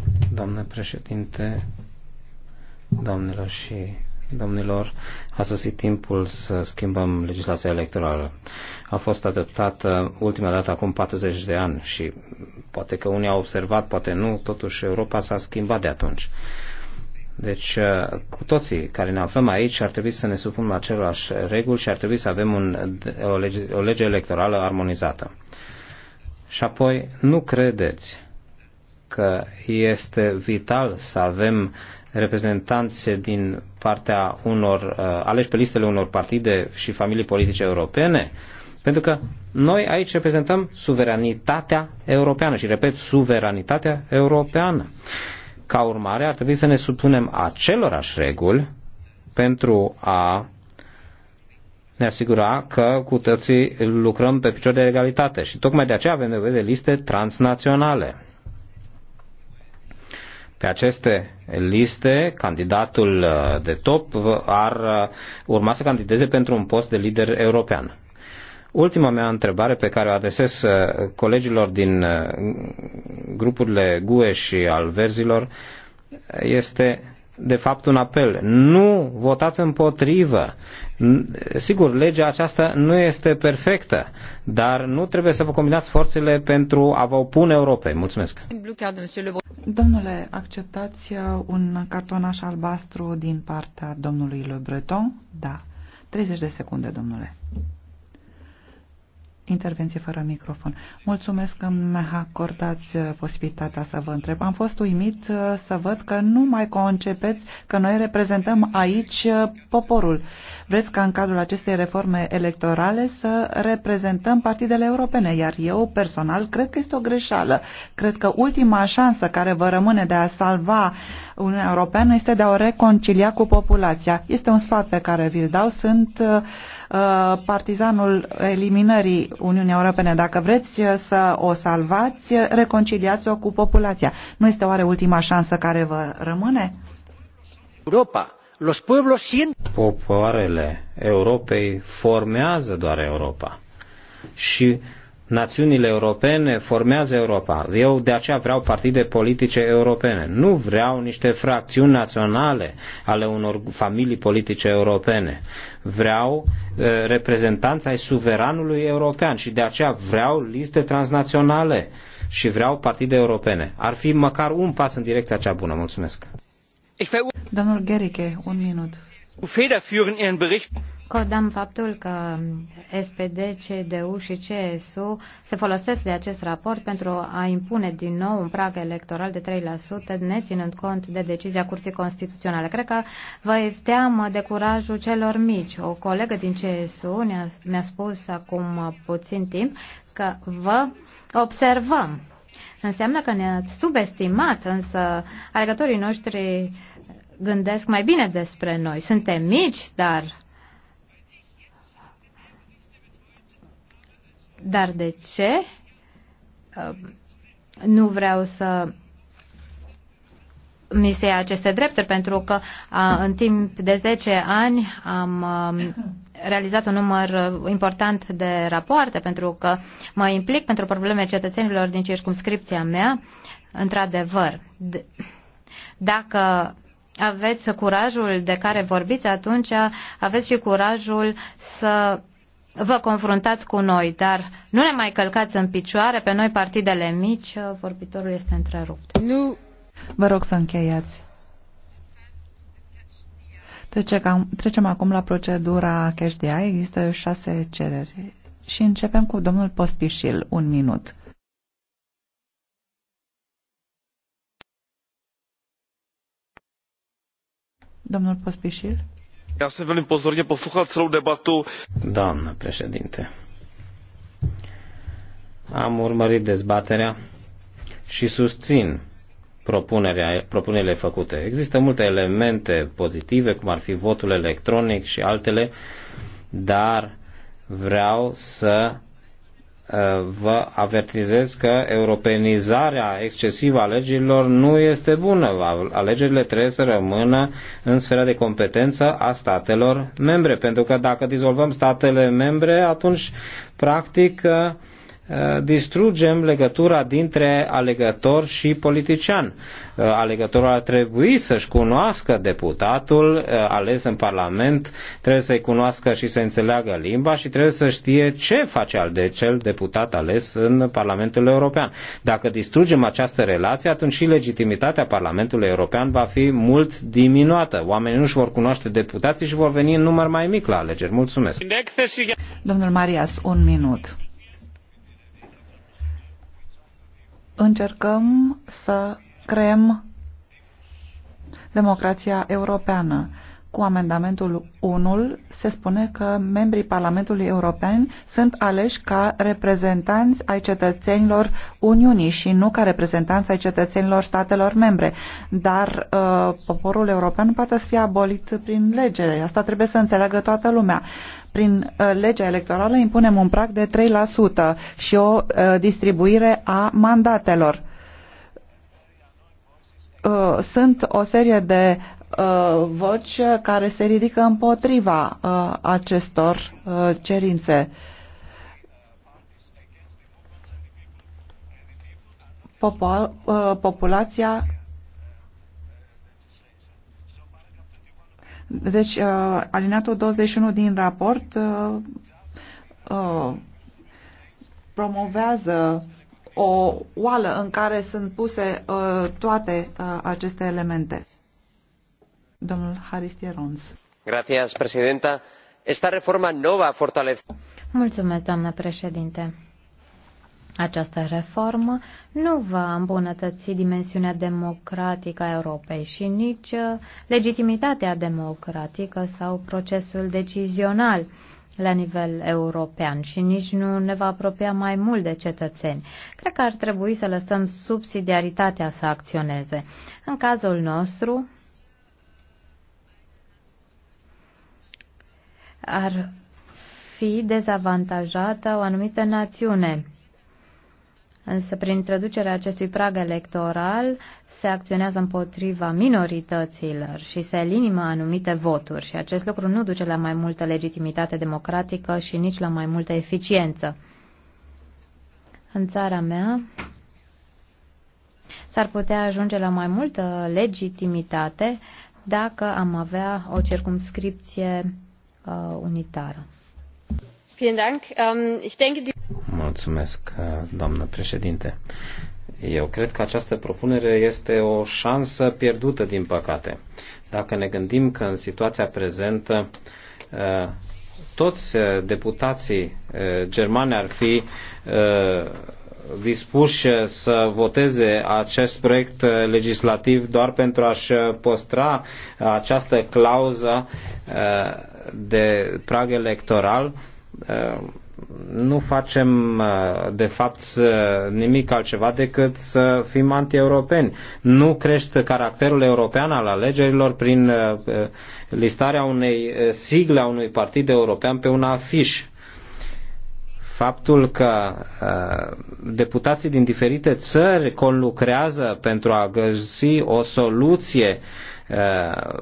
doamnă președinte, doamnelor și domnilor, a sosit timpul să schimbăm legislația electorală. A fost adoptată ultima dată acum 40 de ani și poate că unii au observat, poate nu, totuși Europa s-a schimbat de atunci. Deci, uh, cu toții care ne aflăm aici, ar trebui să ne supunem același reguli și ar trebui să avem un, o, lege, o lege electorală armonizată. Și apoi, nu credeți că este vital să avem reprezentanțe din partea unor, uh, aleși pe listele unor partide și familii politice europene, pentru că noi aici reprezentăm suveranitatea europeană și, repet, suveranitatea europeană. Ca urmare, ar trebui să ne supunem acelorași reguli pentru a ne asigura că cu toții lucrăm pe picior de egalitate și tocmai de aceea avem nevoie de liste transnaționale. Pe aceste liste, candidatul uh, de top ar uh, urma să candideze pentru un post de lider european. Ultima mea întrebare pe care o adresez uh, colegilor din grupurile GUE și al verzilor este de fapt un apel. Nu votați împotrivă. Sigur, legea aceasta nu este perfectă, dar nu trebuie să vă combinați forțele pentru a vă opune Europei. Mulțumesc. Domnule, acceptați un cartonaș albastru din partea domnului Le Breton? Da. 30 de secunde, domnule. Intervenție fără microfon. Mulțumesc că mi acordat uh, posibilitatea să vă întreb. Am fost uimit uh, să văd că nu mai concepeți că noi reprezentăm aici uh, poporul. Vreți ca în cadrul acestei reforme electorale să reprezentăm partidele europene, iar eu personal cred că este o greșeală. Cred că ultima șansă care vă rămâne de a salva Uniunea Europeană este de a o reconcilia cu populația. Este un sfat pe care vi-l dau. Sunt uh, Uh, partizanul eliminării Uniunii Europene. Dacă vreți să o salvați, reconciliați-o cu populația. Nu este oare ultima șansă care vă rămâne? Europa. Los pueblos sin. Popoarele Europei formează doar Europa. Și națiunile europene formează Europa. Eu de aceea vreau partide politice europene. Nu vreau niște fracțiuni naționale ale unor familii politice europene. Vreau eh, reprezentanța ai suveranului european și de aceea vreau liste transnaționale și vreau partide europene. Ar fi măcar un pas în direcția cea bună. Mulțumesc. Domnul Gerike, un minut. Codam faptul că SPD, CDU și CSU se folosesc de acest raport pentru a impune din nou un prag electoral de 3%, neținând cont de decizia Curții Constituționale. Cred că vă teamă de curajul celor mici. O colegă din CSU mi-a spus acum puțin timp că vă observăm. Înseamnă că ne-ați subestimat, însă alegătorii noștri gândesc mai bine despre noi. Suntem mici, dar Dar de ce? Uh, nu vreau să mi se ia aceste drepturi pentru că în timp de 10 ani am um, realizat un număr uh, important de rapoarte pentru că mă implic pentru probleme cetățenilor din circumscripția mea, într-adevăr. Dacă aveți curajul de care vorbiți, atunci aveți și curajul să vă confruntați cu noi, dar nu ne mai călcați în picioare pe noi partidele mici, vorbitorul este întrerupt. Nu. Vă rog să încheiați. Trecem, trecem acum la procedura cash de Există șase cereri și începem cu domnul Pospișil. Un minut. Domnul Pospișil? Já jsem velmi pozorně poslouchal celou debatu. Doamnă președinte, am urmărit dezbaterea și susțin propunerea, propunerile făcute. Există multe elemente pozitive, cum ar fi votul electronic și altele, dar vreau să vă avertizez că europenizarea excesivă a legilor nu este bună. Alegerile trebuie să rămână în sfera de competență a statelor membre, pentru că dacă dizolvăm statele membre, atunci, practic, Eh, distrugem legătura dintre alegător și politician. Eh, alegătorul ar trebui să-și cunoască deputatul eh, ales în Parlament, trebuie să-i cunoască și să înțeleagă limba și trebuie să știe ce face al de cel deputat ales în Parlamentul European. Dacă distrugem această relație, atunci și legitimitatea Parlamentului European va fi mult diminuată. Oamenii nu-și vor cunoaște deputații și vor veni în număr mai mic la alegeri. Mulțumesc. Domnul Marias, un minut. încercăm să creăm democrația europeană. Cu amendamentul 1 se spune că membrii Parlamentului European sunt aleși ca reprezentanți ai cetățenilor Uniunii și nu ca reprezentanți ai cetățenilor statelor membre. Dar uh, poporul european poate să fie abolit prin lege. Asta trebuie să înțeleagă toată lumea. Uh, prin uh, legea electorală impunem un prag de 3% și o uh, distribuire a mandatelor. Uh, sunt o serie de voci care se ridică împotriva acestor cerințe. Populația Deci, uh, alineatul 21 din raport uh, uh, promovează o oală în care sunt puse uh, toate uh, aceste elemente. Domnul Tierons. Gracias, presidenta. Esta reforma no va fortalece... Mulțumesc, doamnă președinte această reformă nu va îmbunătăți dimensiunea democratică a Europei și nici uh, legitimitatea democratică sau procesul decizional la nivel european și nici nu ne va apropia mai mult de cetățeni. Cred că ar trebui să lăsăm subsidiaritatea să acționeze. În cazul nostru, ar fi dezavantajată o anumită națiune Însă, prin introducerea acestui prag electoral, se acționează împotriva minorităților și se elimină anumite voturi și acest lucru nu duce la mai multă legitimitate democratică și nici la mai multă eficiență. În țara mea s-ar putea ajunge la mai multă legitimitate dacă am avea o circumscripție uh, unitară. Vielen Dank. Um, ich denke, die Mulțumesc, uh, doamnă președinte. Eu cred că această propunere este o șansă pierdută, din păcate. Dacă ne gândim că în situația prezentă uh, toți uh, deputații germani ar fi dispuși să voteze acest proiect legislativ doar pentru a-și păstra această clauză de prag electoral, nu facem uh, de fapt uh, nimic altceva decât să fim anti-europeni. Nu crește caracterul european al alegerilor prin uh, listarea unei sigle a unui partid european pe un afiș. Faptul că deputații din diferite țări conlucrează pentru a găsi o soluție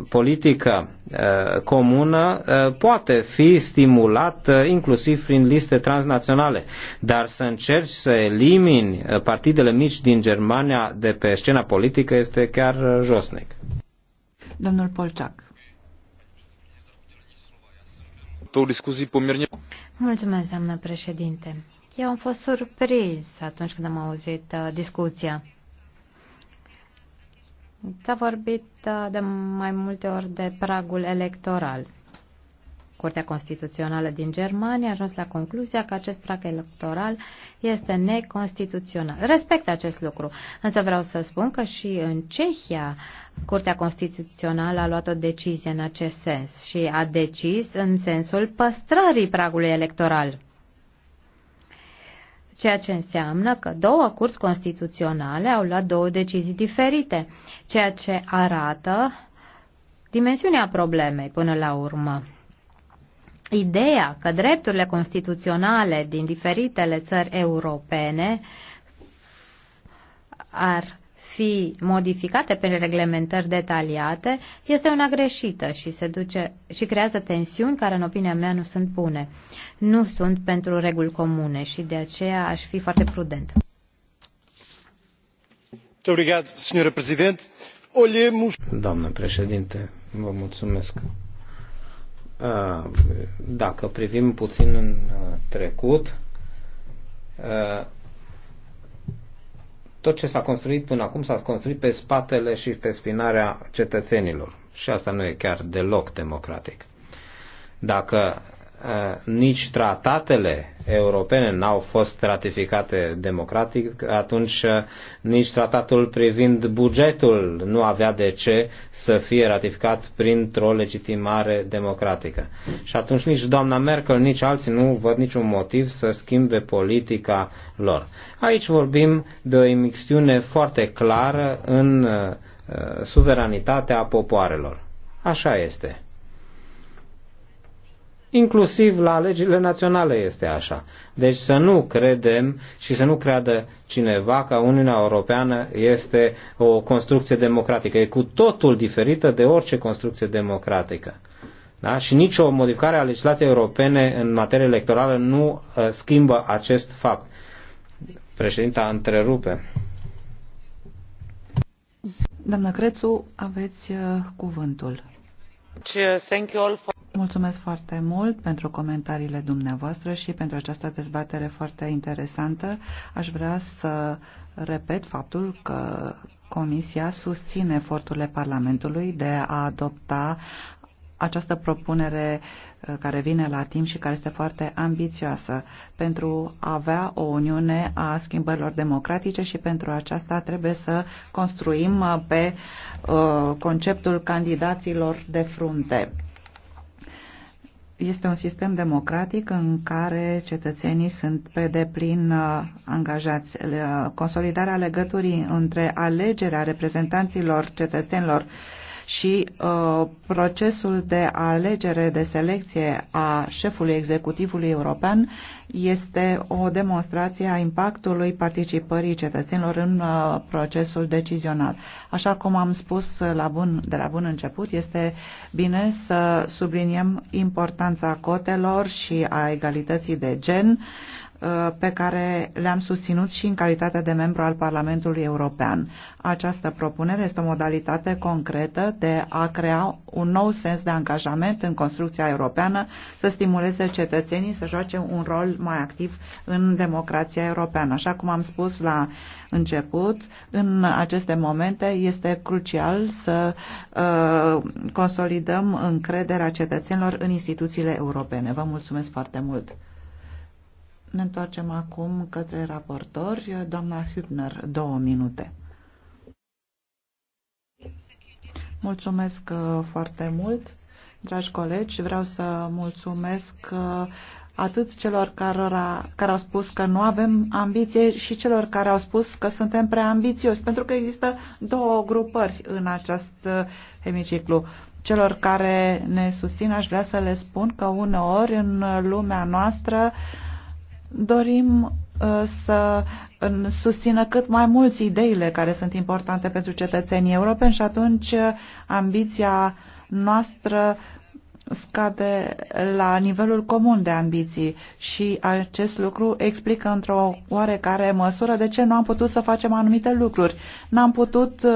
politică Uh, comună uh, poate fi stimulat uh, inclusiv prin liste transnaționale. Dar să încerci să elimini partidele mici din Germania de pe scena politică este chiar josnic. Domnul Polciac. Mulțumesc, doamnă președinte. Eu am fost surprins atunci când am auzit uh, discuția. S-a vorbit uh, de mai multe ori de pragul electoral. Curtea Constituțională din Germania a ajuns la concluzia că acest prag electoral este neconstituțional. Respect acest lucru, însă vreau să spun că și în Cehia Curtea Constituțională a luat o decizie în acest sens și a decis în sensul păstrării pragului electoral ceea ce înseamnă că două curți constituționale au luat două decizii diferite, ceea ce arată dimensiunea problemei până la urmă. Ideea că drepturile constituționale din diferitele țări europene ar fi modificate prin reglementări detaliate este una greșită și, se duce, și creează tensiuni care, în opinia mea, nu sunt bune. Nu sunt pentru reguli comune și de aceea aș fi foarte prudent. Doamnă președinte, vă mulțumesc. Dacă privim puțin în trecut, tot ce s-a construit până acum s-a construit pe spatele și pe spinarea cetățenilor. Și asta nu e chiar deloc democratic. Dacă Uh, nici tratatele europene n-au fost ratificate democratic, atunci uh, nici tratatul privind bugetul nu avea de ce să fie ratificat printr-o legitimare democratică. Și atunci nici doamna Merkel, nici alții nu văd niciun motiv să schimbe politica lor. Aici vorbim de o imixtiune foarte clară în uh, suveranitatea popoarelor. Așa este. Inclusiv la legile naționale este așa. Deci să nu credem și să nu creadă cineva că Uniunea Europeană este o construcție democratică. E cu totul diferită de orice construcție democratică. Da? Și nicio modificare a legislației europene în materie electorală nu uh, schimbă acest fapt. Președinta întrerupe. Doamna Crețu, aveți uh, cuvântul. Thank you all for Mulțumesc foarte mult pentru comentariile dumneavoastră și pentru această dezbatere foarte interesantă. Aș vrea să repet faptul că Comisia susține eforturile Parlamentului de a adopta această propunere uh, care vine la timp și care este foarte ambițioasă pentru a avea o uniune a schimbărilor democratice și pentru aceasta trebuie să construim uh, pe uh, conceptul candidaților de frunte este un sistem democratic în care cetățenii sunt pe deplin uh, angajați. Uh, consolidarea legăturii între alegerea reprezentanților cetățenilor și uh, procesul de alegere de selecție a șefului executivului european este o demonstrație a impactului participării cetățenilor în uh, procesul decizional. Așa cum am spus la bun, de la bun început, este bine să subliniem importanța cotelor și a egalității de gen Uh, pe care le-am susținut și în calitate de membru al Parlamentului European. Această propunere este o modalitate concretă de a crea un nou sens de angajament în construcția europeană, să stimuleze cetățenii să joace un rol mai activ în democrația europeană. Așa cum am spus la început, în aceste momente este crucial să uh, consolidăm încrederea cetățenilor în instituțiile europene. Vă mulțumesc foarte mult! Ne întoarcem acum către raportori. Doamna Hübner, două minute. Mulțumesc uh, foarte mult, dragi colegi. Vreau să mulțumesc uh, atât celor care, care au spus că nu avem ambiție și celor care au spus că suntem prea ambițioși, pentru că există două grupări în acest uh, hemiciclu. Celor care ne susțin aș vrea să le spun că uneori în lumea noastră uh, dorim uh, să susțină cât mai mulți ideile care sunt importante pentru cetățenii europeni și atunci uh, ambiția noastră scade la nivelul comun de ambiții și acest lucru explică într-o oarecare măsură de ce nu am putut să facem anumite lucruri. N-am putut uh,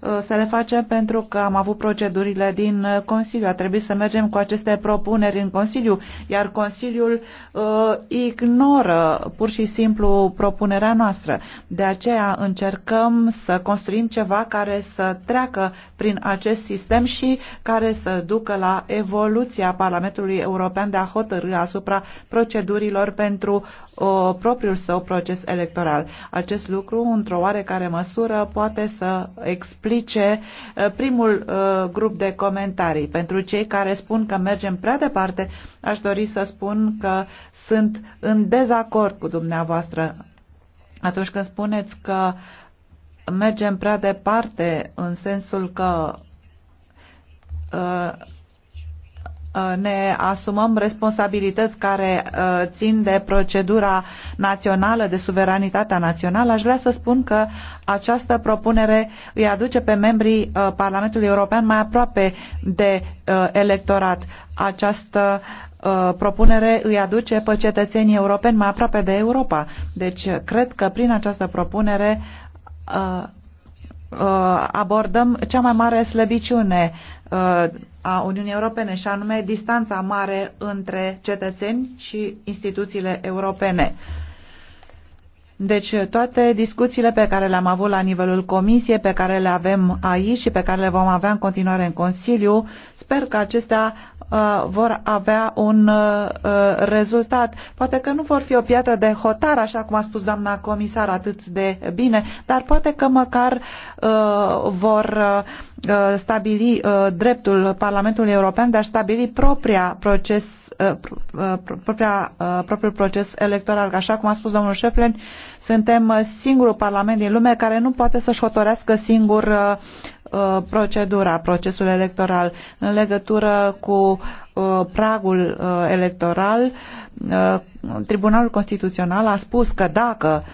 uh, să le facem pentru că am avut procedurile din Consiliu. A trebuit să mergem cu aceste propuneri în Consiliu, iar Consiliul uh, ignoră pur și simplu propunerea noastră. De aceea încercăm să construim ceva care să treacă prin acest sistem și care să ducă la evoluție evoluția Parlamentului European de a hotărâ asupra procedurilor pentru uh, propriul său proces electoral. Acest lucru, într-o oarecare măsură, poate să explice uh, primul uh, grup de comentarii. Pentru cei care spun că mergem prea departe, aș dori să spun că sunt în dezacord cu dumneavoastră atunci când spuneți că mergem prea departe în sensul că uh, Uh, ne asumăm responsabilități care uh, țin de procedura națională, de suveranitatea națională, aș vrea să spun că această propunere îi aduce pe membrii uh, Parlamentului European mai aproape de electorat. Această propunere îi aduce pe cetățenii europeni mai aproape de Europa. Deci, cred că prin această propunere abordăm cea mai mare slăbiciune Uh, a Uniunii Europene și anume distanța mare între cetățeni și instituțiile europene. Deci toate discuțiile pe care le-am avut la nivelul comisiei, pe care le avem aici și pe care le vom avea în continuare în Consiliu, sper că acestea uh, vor avea un uh, uh, rezultat. Poate că nu vor fi o piatră de hotar, așa cum a spus doamna comisar atât de bine, dar poate că măcar uh, vor uh, stabili uh, dreptul Parlamentului European de a stabili propria proces Uh, uh, propria, uh, propriul proces electoral. Așa cum a spus domnul Șeflen, suntem singurul parlament din lume care nu poate să-și hotărească singur procedura, procesul electoral în legătură cu pragul electoral. Tribunalul Constituțional a spus că dacă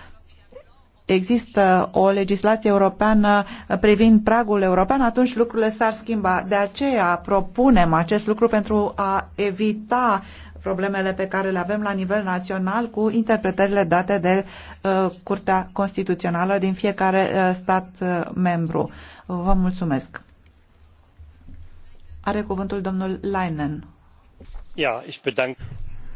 există o legislație europeană privind pragul european, atunci lucrurile s-ar schimba. De aceea propunem acest lucru pentru a evita problemele pe care le avem la nivel național cu interpretările date de uh, Curtea Constituțională din fiecare uh, stat uh, membru. Vă mulțumesc. Are cuvântul domnul Leinen. Ja, ich bedank.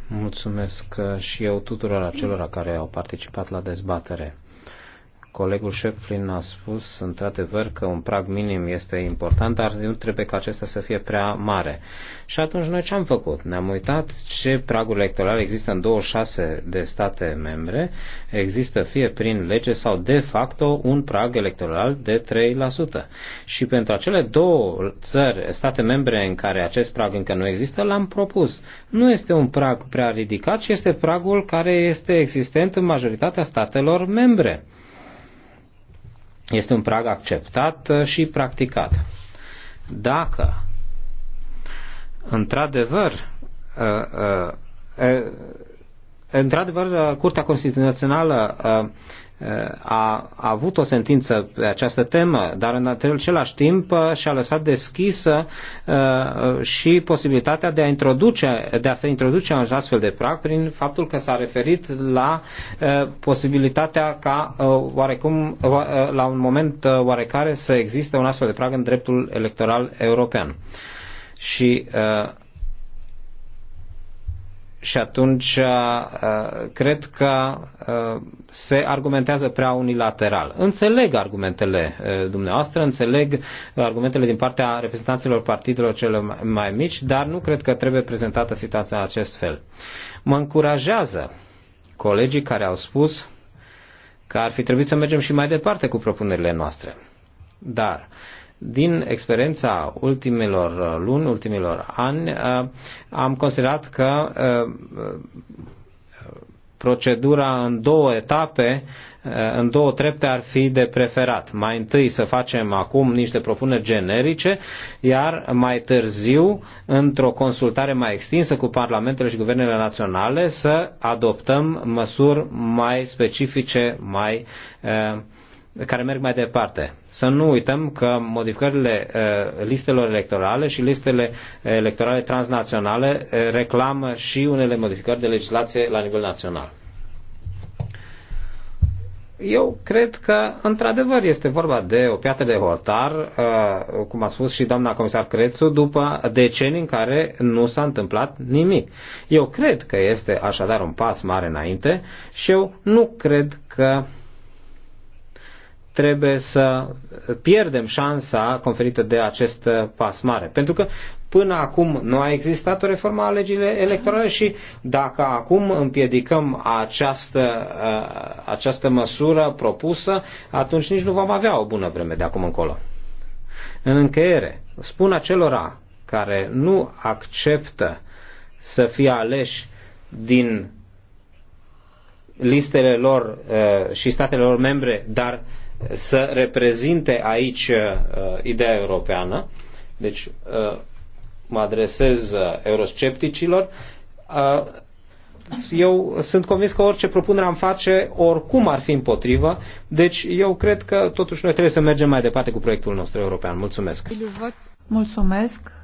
Mulțumesc uh, și eu tuturor acelora care au participat la dezbatere. Colegul Șeflin a spus, într-adevăr, că un prag minim este important, dar nu trebuie ca acesta să fie prea mare. Și atunci noi ce am făcut? Ne-am uitat ce praguri electorale există în 26 de state membre. Există fie prin lege sau de facto un prag electoral de 3%. Și pentru acele două țări, state membre în care acest prag încă nu există, l-am propus. Nu este un prag prea ridicat, ci este pragul care este existent în majoritatea statelor membre. Este un prag acceptat uh, și practicat. Dacă într-adevăr uh, uh, într-adevăr Curtea Constituțională a, a avut o sentință pe această temă, dar în același timp uh, și-a lăsat deschisă uh, uh, și posibilitatea de a, introduce, de a se introduce în astfel de prag prin faptul că s-a referit la posibilitatea ca oarecum la un moment oarecare să existe un astfel de prag în dreptul electoral european. Și uh, și atunci uh, uh, cred că uh, se argumentează prea unilateral. Înțeleg argumentele dumneavoastră, înțeleg argumentele din partea reprezentanților partidelor cele mai mici, dar nu cred că trebuie prezentată situația în acest fel. Mă încurajează colegii care au spus că ar fi trebuit să mergem și mai departe cu propunerile noastre. Dar din experiența ultimelor luni, ultimilor ani, uh, am considerat că uh, uh, procedura în două etape, în două trepte ar fi de preferat. Mai întâi să facem acum niște propuneri generice, iar mai târziu, într-o consultare mai extinsă cu parlamentele și guvernele naționale, să adoptăm măsuri mai specifice, mai uh, care merg mai departe. Să nu uităm că modificările eh, listelor electorale și listele electorale transnaționale eh, reclamă și unele modificări de legislație la nivel național. Eu cred că, într-adevăr, este vorba de o piatră de hotar, eh, cum a spus și doamna comisar Crețu, după decenii în care nu s-a întâmplat nimic. Eu cred că este așadar un pas mare înainte și eu nu cred că uh, trebuie să pierdem șansa conferită de acest pas mare. Pentru că până acum nu a existat o reformă a legii electorale și dacă acum împiedicăm această, uh, această măsură propusă, atunci nici nu vom avea o bună vreme de acum încolo. În încheiere, spun acelora care nu acceptă să fie aleși din listele lor uh, și statele lor membre, dar să reprezinte aici uh, ideea europeană, deci uh, mă adresez uh, euroscepticilor, eu sunt convins că orice propunere am face, oricum ar fi împotrivă, deci eu cred că totuși noi trebuie să mergem mai departe cu proiectul nostru european. Mulțumesc! Mulțumesc!